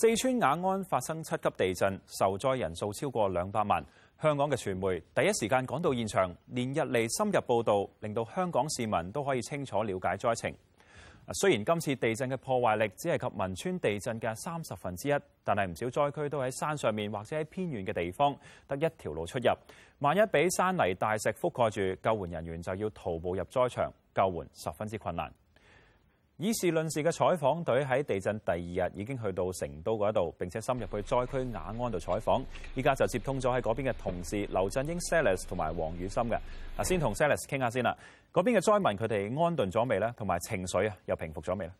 四川雅安發生七級地震，受災人數超過兩百萬，香港嘅傳媒第一時間趕到現場，連日嚟，深入報道，令到香港市民都可以清楚了解災情。雖然今次地震嘅破壞力只係及汶川地震嘅三十分之一，但係唔少災區都喺山上面或者喺偏遠嘅地方，得一條路出入。萬一俾山泥大石覆蓋住，救援人員就要徒步入災場，救援十分之困難。議事論事嘅採訪隊喺地震第二日已經去到成都嗰度，並且深入去災區雅安度採訪。依家就接通咗喺嗰邊嘅同事劉振英、Salas 同埋黃雨深嘅。嗱，先同 Salas 傾下先啦。嗰邊嘅災民佢哋安頓咗未咧？同埋情緒啊，又平復咗未咧？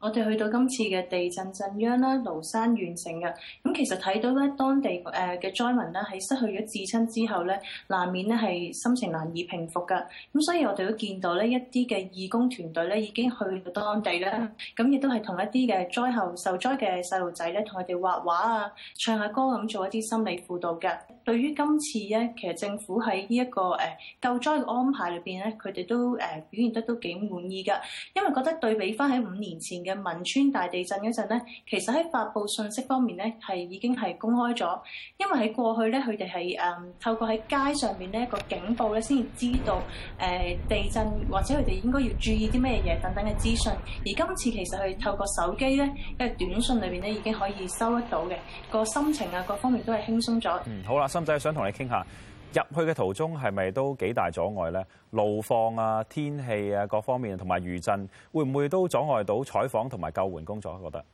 我哋去到今次嘅地震震央啦，廬山縣城嘅咁，其實睇到咧當地誒嘅災民咧喺失去咗至親之後咧，難免咧係心情難以平復噶。咁所以我哋都見到咧一啲嘅義工團隊咧已經去到當地啦，咁亦都係同一啲嘅災後受災嘅細路仔咧，同佢哋畫畫啊、唱下歌咁做一啲心理輔導嘅。對於今次咧，其實政府喺呢一個誒救災嘅安排裏邊咧，佢哋都誒表現得都幾滿意噶，因為覺得對比翻喺五年前嘅。嘅汶川大地震嗰陣咧，其實喺發佈信息方面咧，係已經係公開咗，因為喺過去咧，佢哋係誒透過喺街上面呢一個警報咧，先至知道誒地震或者佢哋應該要注意啲咩嘢等等嘅資訊。而今次其實係透過手機咧，因為短信裏邊咧已經可以收得到嘅，個心情啊各方面都係輕鬆咗。嗯，好啦，心仔想同你傾下。入去嘅途中係咪都幾大阻礙咧？路況啊、天氣啊各方面，同埋餘震，會唔會都阻礙到採訪同埋救援工作？我覺得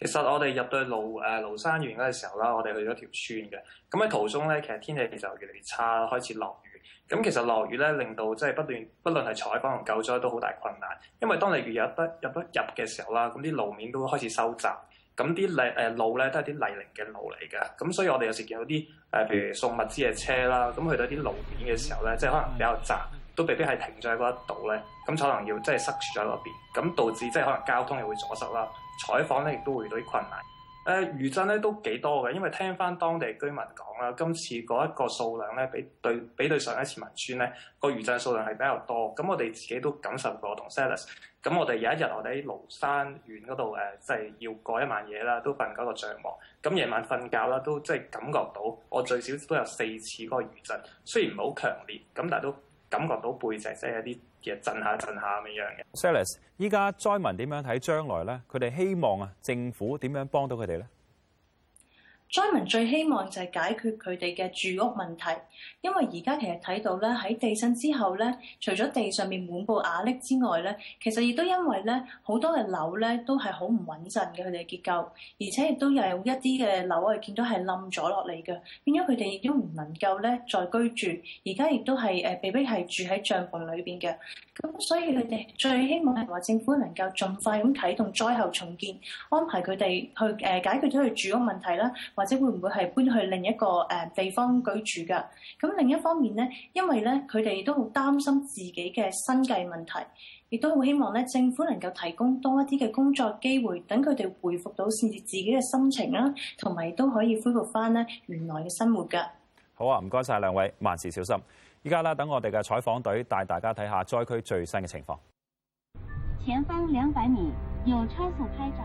其實我哋入到蘆誒蘆山縣嘅時候啦，我哋去咗條村嘅。咁喺途中咧，其實天氣就越嚟越差，開始落雨。咁其實落雨咧，令到即係不論不論係採訪同救災都好大困難。因為當你雨入，入得入得入嘅時候啦，咁啲路面都開始收窄。咁啲例路咧、呃、都係啲泥濘嘅路嚟㗎，咁所以我哋有時見到啲、呃、譬如送物資嘅車啦，咁去到啲路面嘅時候咧，即係可能比較窄，都未必係停咗喺嗰度咧，咁可能要即係塞住咗嗰邊，咁導致即係可能交通又會阻塞啦，採訪咧亦都會遇到啲困難。誒，餘震咧都幾多嘅，因為聽翻當地居民講啦，今次嗰一個數量咧比對比對上一次汶川咧個餘震數量係比較多。咁我哋自己都感受過同 sales，咁我哋有一日我哋喺蘆山縣嗰度誒，即係要過一晚嘢啦，都瞓嗰個帳幕，咁夜晚瞓覺啦都即係感覺到我最少都有四次嗰個餘震，雖然唔係好強烈，咁但係都。感覺到背脊即係有啲嘅震下震下咁樣嘅。s l l e s 依家災民點樣睇將來咧？佢哋希望啊，政府點樣幫到佢哋咧？災民最希望就係解決佢哋嘅住屋問題，因為而家其實睇到咧，喺地震之後咧，除咗地上面滿布瓦礫之外咧，其實亦都因為咧好多嘅樓咧都係好唔穩陣嘅佢哋嘅結構，而且亦都有一啲嘅樓係見到係冧咗落嚟嘅，變咗佢哋亦都唔能夠咧再居住，而家亦都係誒被迫係住喺帳篷裏邊嘅。咁所以佢哋最希望係話政府能夠盡快咁啟動災後重建，安排佢哋去誒解決咗佢住屋問題啦。或者會唔會係搬去另一個誒地方居住噶？咁另一方面呢，因為咧佢哋都好擔心自己嘅生計問題，亦都好希望咧政府能夠提供多一啲嘅工作機會，等佢哋回復到先至自己嘅心情啦，同埋都可以恢復翻咧原來嘅生活噶。好啊，唔該晒兩位，萬事小心。依家啦，等我哋嘅採訪隊帶大家睇下災區最新嘅情況。前方兩百米有超速拍照。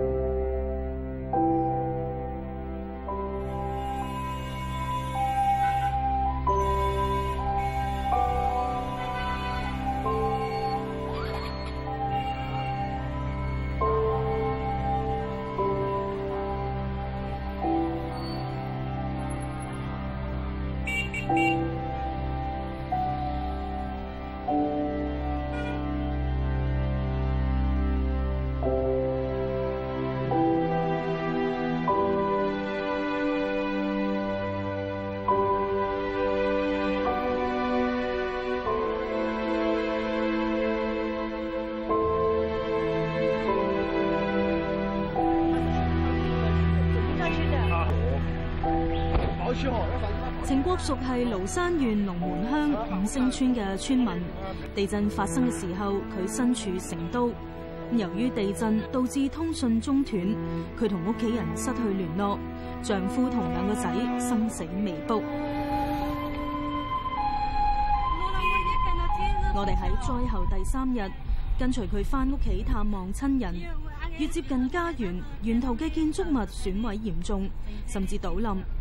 程國屬係蘆山縣龍門鄉五星村嘅村民。地震發生嘅時候，佢身處成都。由於地震導致通訊中斷，佢同屋企人失去聯絡，丈夫同兩個仔生死未卜。我哋喺災後第三日跟隨佢翻屋企探望親人。越接近家園，沿途嘅建築物損毀嚴重，甚至倒冧。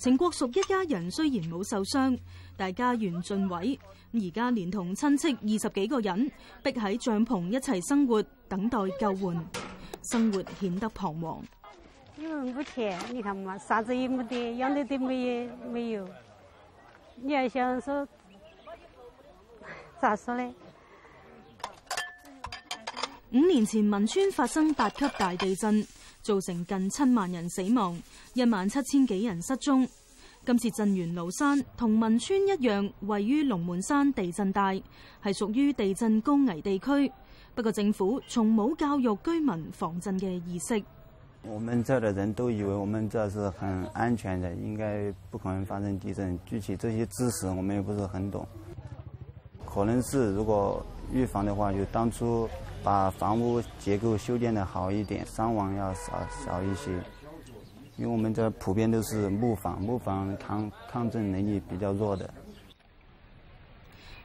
程國熟一家人雖然冇受傷，但家園盡毀，而家連同親戚二十幾個人，逼喺帳篷一齊生活，等待救援，生活顯得彷徨。因為冇錢，你看嘛，啥子也冇得，養都都冇，沒有。你要想說，咋說呢？五年前汶川發生八級大地震。造成近七萬人死亡，一萬七千幾人失蹤。今次震源廬山同汶川一樣，位於龍門山地震帶，係屬於地震高危地區。不過政府從冇教育居民防震嘅意識。我們這的人都以為我們這是很安全的，應該不可能發生地震。具體這些知識我們又不是很懂。可能是如果預防的話，就當初。把房屋結構修建的好一點，傷亡要少少一些，因為我們這普遍都是木房，木房抗抗震能力比較弱的。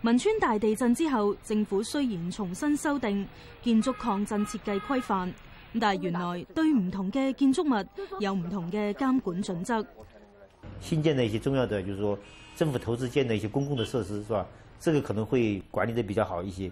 汶川大地震之後，政府雖然重新修訂建築抗震設計規範，但原來對唔同嘅建築物有唔同嘅監管準則。新建的一些重要的，就是說政府投資建的一些公共的設施，是吧？這個可能會管理得比較好一些。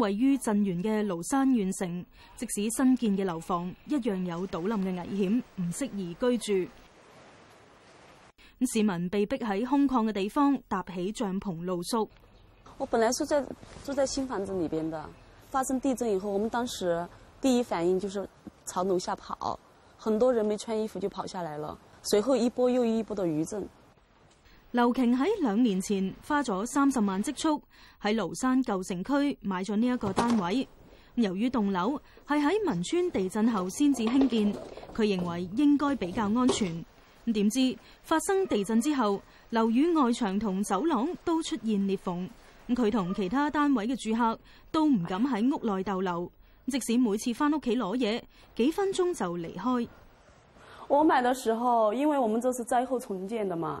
位於震源嘅蘆山縣城，即使新建嘅樓房一樣有倒冧嘅危險，唔適宜居住。市民被逼喺空曠嘅地方搭起帳篷露宿。我本來在住在住新房子裏邊的，發生地震以後，我們當時第一反應就是朝樓下跑，很多人沒穿衣服就跑下來了。隨後一波又一波的餘震。劉瓊喺兩年前花咗三十萬積蓄喺廬山舊城區買咗呢一個單位。由於棟樓係喺汶川地震後先至興建，佢認為應該比較安全。咁點知發生地震之後，樓宇外牆同走廊都出現裂縫。佢同其他單位嘅住客都唔敢喺屋內逗留。即使每次翻屋企攞嘢，幾分鐘就離開。我買嘅時候，因為我們這是災後重建的嘛。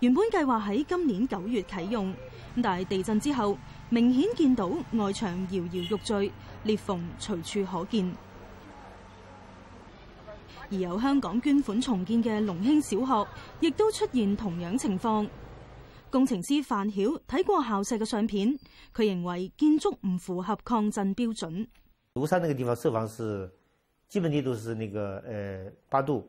原本計劃喺今年九月啟用，但係地震之後，明顯見到外牆搖搖欲墜，裂縫隨處可見。而由香港捐款重建嘅龍興小學，亦都出現同樣情況。工程師范曉睇過校舍嘅相片，佢認為建築唔符合抗震標準。廬山那個地方設防是基本力度是那個、呃、八度。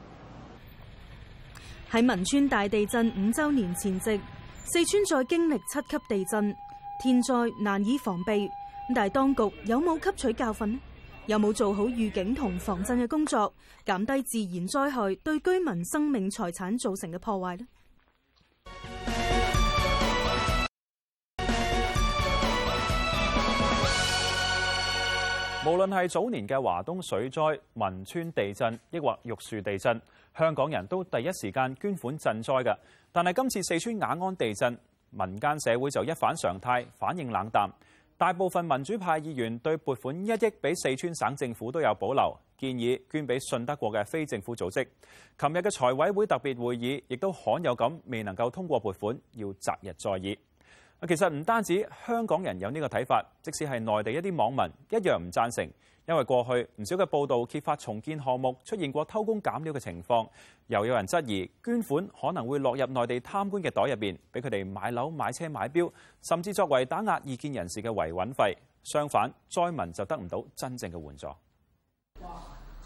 喺汶川大地震五周年前夕，四川再經歷七級地震，天災難以防備。但係當局有冇吸取教訓呢？有冇做好預警同防震嘅工作，減低自然災害對居民生命財產造成嘅破壞呢？無論係早年嘅華東水災、汶川地震，抑或玉樹地震，香港人都第一時間捐款賑災㗎。但係今次四川雅安地震，民間社會就一反常態，反應冷淡。大部分民主派議員對撥款一億俾四川省政府都有保留，建議捐俾信德國嘅非政府組織。琴日嘅財委會特別會議，亦都罕有咁未能夠通過撥款，要擇日再議。其實唔單止香港人有呢個睇法，即使係內地一啲網民一樣唔贊成，因為過去唔少嘅報道揭發重建項目出現過偷工減料嘅情況，又有人質疑捐款可能會落入內地貪官嘅袋入面，俾佢哋買樓買車買錶，甚至作為打壓異見人士嘅維穩費。相反，災民就得唔到真正嘅援助。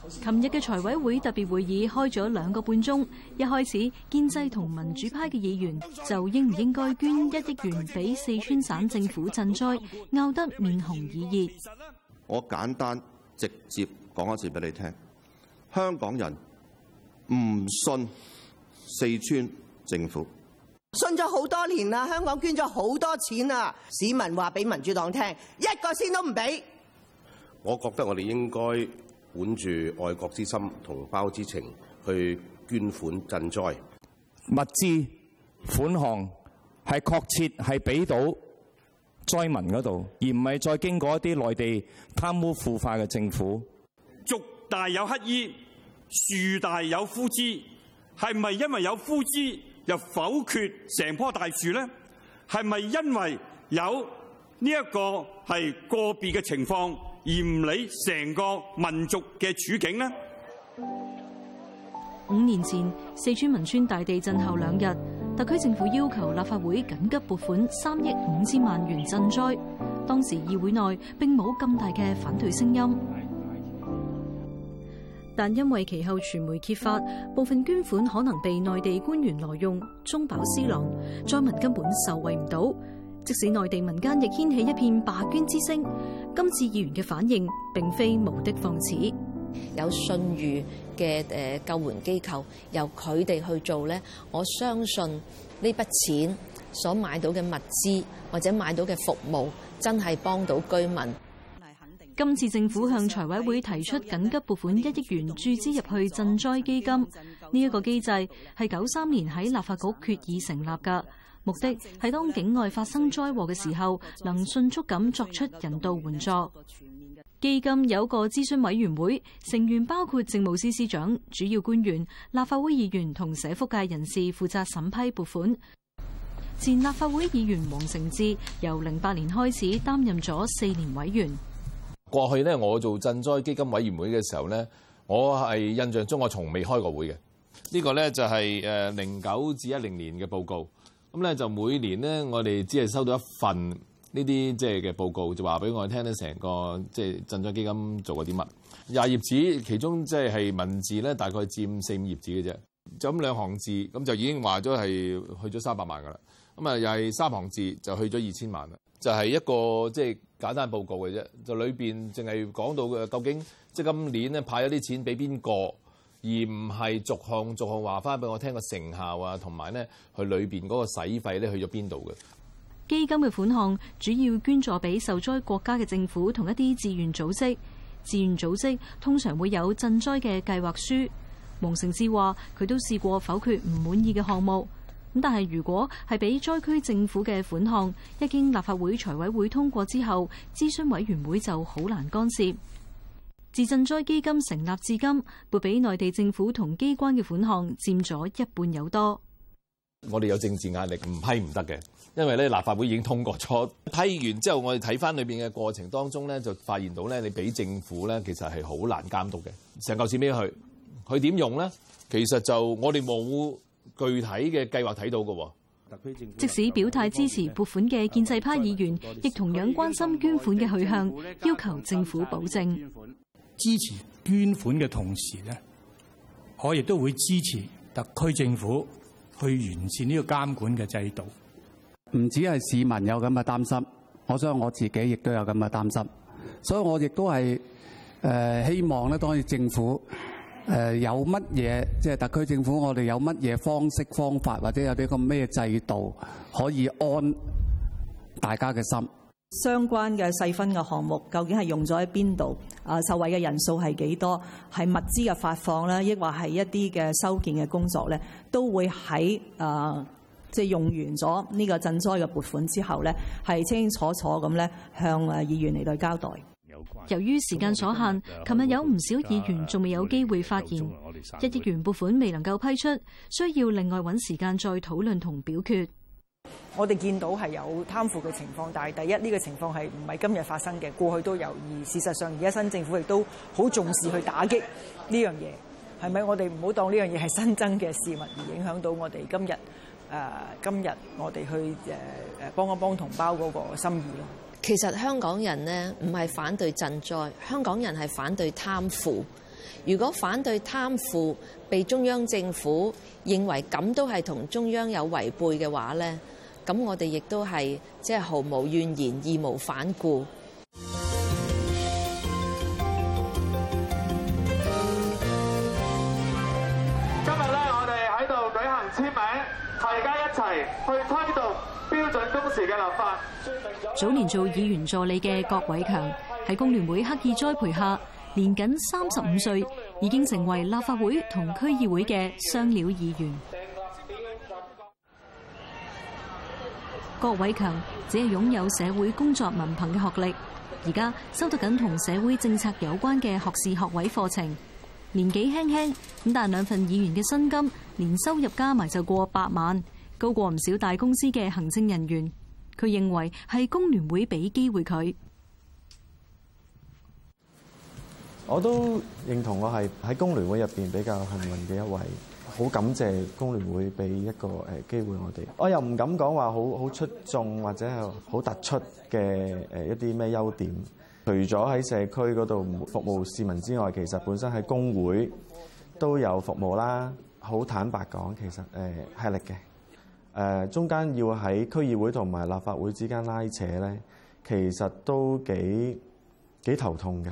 琴日嘅財委會特別會議開咗兩個半鐘，一開始建制同民主派嘅議員就應唔應該捐一億元俾四川省政府賑災，拗得面紅耳熱。我簡單直接講一次俾你聽，香港人唔信四川政府，信咗好多年啦，香港捐咗好多錢啦，市民話俾民主黨聽，一個仙都唔俾。我覺得我哋應該。本住愛國之心、同胞之情，去捐款賑災。物資款項係確切係俾到災民嗰度，而唔係再經過一啲內地貪污腐化嘅政府。俗大有乞衣，樹大有枯枝，係咪因為有枯枝又否決成棵大樹呢？係咪因為有呢一個係個別嘅情況？而唔理成個民族嘅處境呢？五年前四川汶川大地震後兩日，特區政府要求立法會緊急撥款三億五千萬元賑災。當時議會內並冇咁大嘅反對聲音，但因為其後傳媒揭發，部分捐款可能被內地官員挪用，中飽私囊，災民根本受惠唔到。即使內地民間亦掀起一片罷捐之聲，今次議員嘅反應並非無的放矢。有信譽嘅誒救援機構由佢哋去做呢，我相信呢筆錢所買到嘅物資或者買到嘅服務真係幫到居民。今次政府向財委會提出緊急撥款一億元注資入去賑災基金，呢、這、一個機制係九三年喺立法局決議成立㗎。目的係當境外發生災禍嘅時候，能迅速咁作出人道援助。基金有個諮詢委員會，成員包括政務司司長、主要官員、立法會議員同社福界人士，負責審批撥款。前立法會議員黃成智由零八年開始擔任咗四年委員。過去咧，我做賑災基金委員會嘅時候咧，我係印象中我從未開過會嘅。呢、呢個咧就係誒零九至一零年嘅報告。咁咧就每年咧，我哋只係收到一份呢啲即係嘅報告，就話俾我哋聽咧，成個即係賑災基金做過啲乜？廿頁紙，其中即係文字咧大概佔四五頁紙嘅啫，就咁兩行字，咁就已經話咗係去咗三百萬㗎喇。咁啊又係三行字就去咗二千萬啦，就係一個即係簡單報告嘅啫，就裏邊淨係講到嘅究竟即係今年咧派咗啲錢俾邊個？而唔係逐項逐項話翻俾我聽個成效啊，同埋呢佢裏邊嗰個使費咧去咗邊度嘅？基金嘅款項主要捐助俾受災國家嘅政府同一啲志願組織，志願組織通常會有賑災嘅計劃書，蒙成志話，佢都試過否決唔滿意嘅項目。咁但係如果係俾災區政府嘅款項一經立法會財委會通過之後諮詢委員會就好難干涉。自賑災基金成立至今，撥俾內地政府同機關嘅款項佔咗一半有多。我哋有政治壓力，唔批唔得嘅，因為咧立法會已經通過咗批完之後，我哋睇翻裏邊嘅過程當中咧，就發現到咧，你俾政府咧其實係好難監督嘅，成嚿錢俾佢，佢點用咧？其實就我哋冇具體嘅計劃睇到嘅。即使表態支持撥款嘅建制派議員，亦同樣關心捐款嘅去向，要求政府保證。支持捐款嘅同時咧，我亦都會支持特區政府去完善呢個監管嘅制度。唔止係市民有咁嘅擔心，我相信我自己亦都有咁嘅擔心，所以我亦都係誒、呃、希望咧，當然政府誒、呃、有乜嘢，即、就、係、是、特區政府我哋有乜嘢方式方法，或者有啲咁咩制度，可以安大家嘅心。相關嘅細分嘅項目究竟係用咗喺邊度？啊，受惠嘅人數係幾多？係物資嘅發放啦，亦或係一啲嘅修建嘅工作咧，都會喺啊，即、呃、係、就是、用完咗呢個賑災嘅撥款之後咧，係清清楚楚咁咧向啊議員嚟到交代。由於時間所限，琴日有唔少議員仲未有機會發言，一億元撥款未能夠批出，需要另外搵時間再討論同表決。我哋見到係有貪腐嘅情況，但係第一呢個情況係唔係今日發生嘅，過去都有。而事實上，而家新政府亦都好重視去打擊呢樣嘢，係咪我哋唔好當呢樣嘢係新增嘅事物，而影響到我哋今日誒、呃？今日我哋去誒誒、呃、幫一幫同胞嗰個心意咯。其實香港人呢，唔係反對賑災，香港人係反對貪腐。如果反對貪腐被中央政府認為咁都係同中央有違背嘅話呢，咁我哋亦都係即係毫無怨言、義無反顧。今日呢，我哋喺度舉行簽名，大家一齊去推動標準工時嘅立法。早年做議員助理嘅郭偉強喺工聯會刻意栽培下。年僅三十五歲，已經成為立法會同區議會嘅雙料議員。郭偉強只係擁有社會工作文憑嘅學歷，而家修讀緊同社會政策有關嘅學士學位課程。年紀輕輕咁，但兩份議員嘅薪金，年收入加埋就過百萬，高過唔少大公司嘅行政人員。佢認為係工聯會俾機會佢。我都認同，我係喺工聯會入邊比較幸運嘅一位，好感謝工聯會俾一個誒機會我哋。我又唔敢講話好好出眾或者係好突出嘅誒一啲咩優點。除咗喺社區嗰度服務市民之外，其實本身喺工會都有服務啦。好坦白講，其實誒吃力嘅誒。中間要喺區議會同埋立法會之間拉扯咧，其實都幾幾頭痛嘅。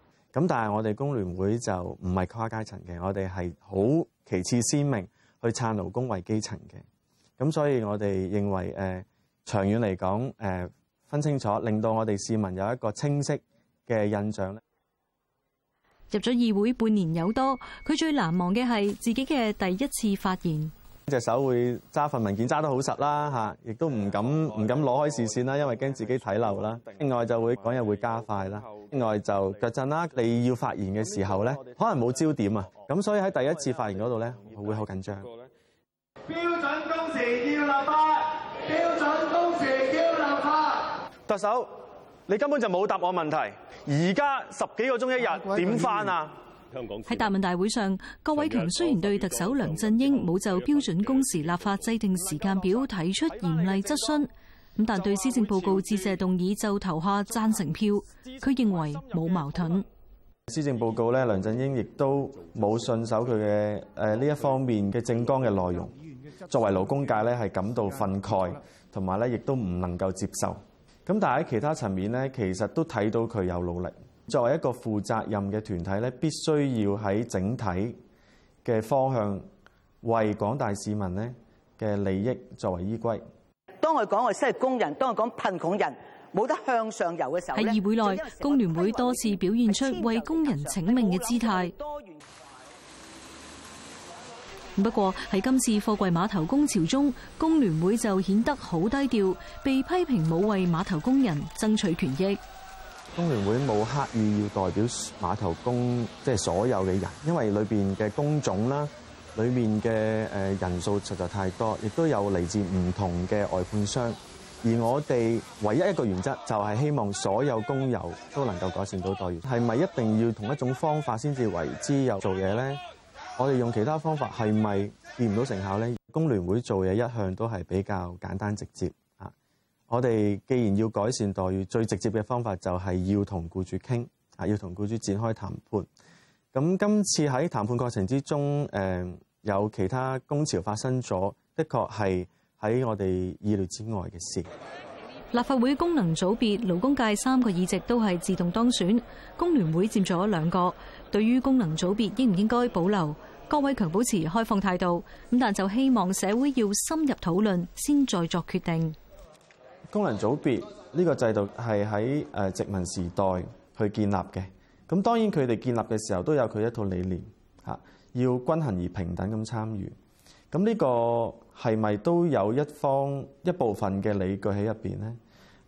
咁，但係我哋工聯會就唔係跨階層嘅，我哋係好旗幟鮮明去撐勞工、為基層嘅。咁所以，我哋認為誒、呃、長遠嚟講誒分清楚，令到我哋市民有一個清晰嘅印象咧。入咗議會半年有多，佢最難忘嘅係自己嘅第一次發言。隻手會揸份文件揸得好實啦嚇，亦都唔敢唔敢攞開視線啦，因為驚自己睇漏啦。另外就會講嘢會加快啦，另外就腳震啦。你要發言嘅時候咧，可能冇焦點啊，咁所以喺第一次發言嗰度咧，會好緊張。標準工時要立法，標準工時要立法。特首，你根本就冇答我問題，而家十幾個鐘一日點返啊？怪怪怪喺答問大會上，郭偉強雖然對特首梁振英冇就標準工時立法制定時間表提出嚴厲質詢，咁但對施政報告致謝動議就投下贊成票，佢認為冇矛盾。施政報告咧，梁振英亦都冇信守佢嘅誒呢一方面嘅政綱嘅內容，作為勞工界咧係感到憤慨，同埋咧亦都唔能夠接受。咁但喺其他層面咧，其實都睇到佢有努力。作為一個負責任嘅團體咧，必須要喺整體嘅方向為廣大市民咧嘅利益作為依歸。當我講我係工人，當我講貧窮人冇得向上游嘅時候，喺議會內，工聯會多次表現出為工人請命嘅姿態。不過喺今次貨櫃碼頭工潮中，工聯會就顯得好低調，被批評冇為碼頭工人爭取權益。工聯會冇刻意要代表碼頭工，即係所有嘅人，因為裏面嘅工種啦，裏面嘅誒人數實在太多，亦都有嚟自唔同嘅外判商。而我哋唯一一個原則就係希望所有工友都能夠改善到待遇。係咪一定要同一種方法先至為之有做嘢咧？我哋用其他方法係咪見唔到成效咧？工聯會做嘢一向都係比較簡單直接。我哋既然要改善待遇，最直接嘅方法就係要同僱主傾，啊，要同僱主展開談判。咁今次喺談判過程之中，誒有其他工潮發生咗，的確係喺我哋意料之外嘅事。立法會功能組別勞工界三個議席都係自動當選，工聯會佔咗兩個。對於功能組別應唔應該保留，郭偉強保持開放態度咁，但就希望社會要深入討論先再作決定。功能組別呢個制度係喺誒殖民時代去建立嘅，咁當然佢哋建立嘅時候都有佢一套理念吓，要均衡而平等咁參與。咁呢個係咪都有一方一部分嘅理據喺入邊呢？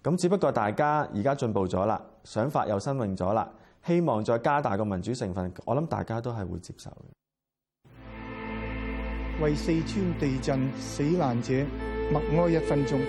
咁只不過大家而家進步咗啦，想法又新穎咗啦，希望再加大個民主成分，我諗大家都係會接受嘅。為四川地震死難者默哀一分鐘。